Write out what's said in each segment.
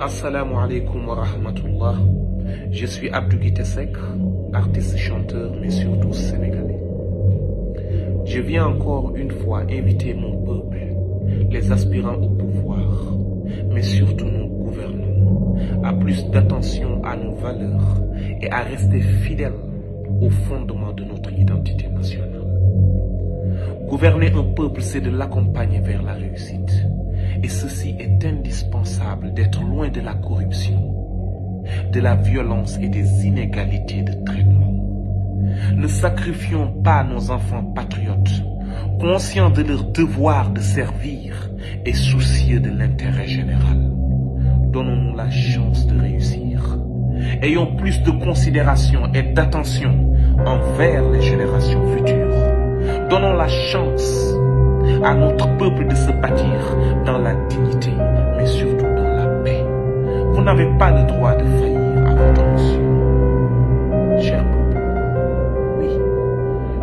Assalamu alaikum wa rahmatullah. artiste chanteur mais surtout sénégalais. Je viens encore une fois inviter mon peuple, les aspirants au pouvoir, mais surtout nos gouvernants, à plus d'attention à nos valeurs et à rester fidèles au fondement de notre identité nationale. Gouverner un peuple, c'est de l'accompagner vers la réussite. Et ceci est indispensable d'être loin de la corruption, de la violence et des inégalités de traitement. Ne sacrifions pas nos enfants patriotes, conscients de leur devoir de servir et soucieux de l'intérêt général. Donnons-nous la chance de réussir. Ayons plus de considération et d'attention envers les générations futures. Donnons la chance à notre peuple de se bâtir n'avez pas le droit de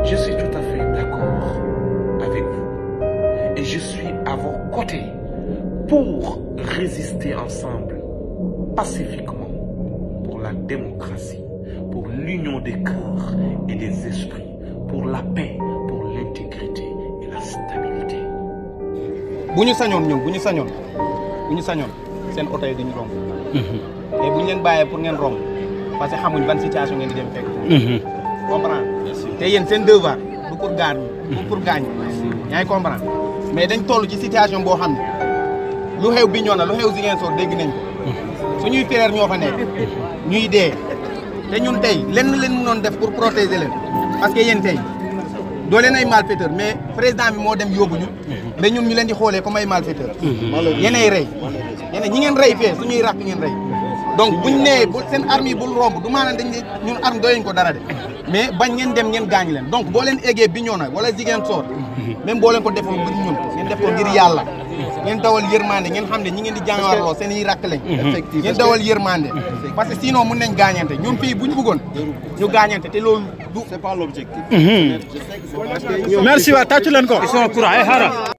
je suis tout à fait d'accord avec vous. Et je suis à vos côtés pour résister ensemble, pacifiquement, pour la démocratie, pour l'union des cœurs et des esprits, pour la paix, pour l'intégrité et la stabilité. bu ñu sañoon ñun seen oto yi dañu romb. Mhm. te bu ñu leen bàyyee pour ngeen romb parce que xamuñ ban situation ngeen di dem fekk. Mhm. comprendre te yéen seen devoir du pour gaañ du mhm. pour gaañ yaa ngi comprendre mais dañ toll ci situation boo xam ne lu xew bi ñoo na lu xew Ziguinchor dégg nañ ko suñuy frères ñoo fa nekk ñuy dee te ñun tey len leen mënoon def pour protéger leen parce que tey. doo nay ay malfaiteur mais président bi moo dem yóbbu ñu mais ñu leen di xoolee comme ay malfaiteur yeneen rey yeneen ñi ngeen rey fee suñuy ràq ngeen rey donc buñ nee bu seen arme yi bul romb du maanaam dañ ñun arme doyuñ ko dara de mais bañ ngeen dem ngeen gaañ leen donc boo leen eggee Bignona wala Ziguinchor même boo leen ko defoon ngir ñun def ko ngir yàlla ngeen dawal yërmande ngeen xam ne ñi ngeen di jàngaarloo seen i rakk lañ ngeen dawal yërmande parce que sinon mun nañ gaañante ñun fii bu ñu ñu gaañante te loolu du c'est mhm. waa tàccu ko ils sont courant ay xaaral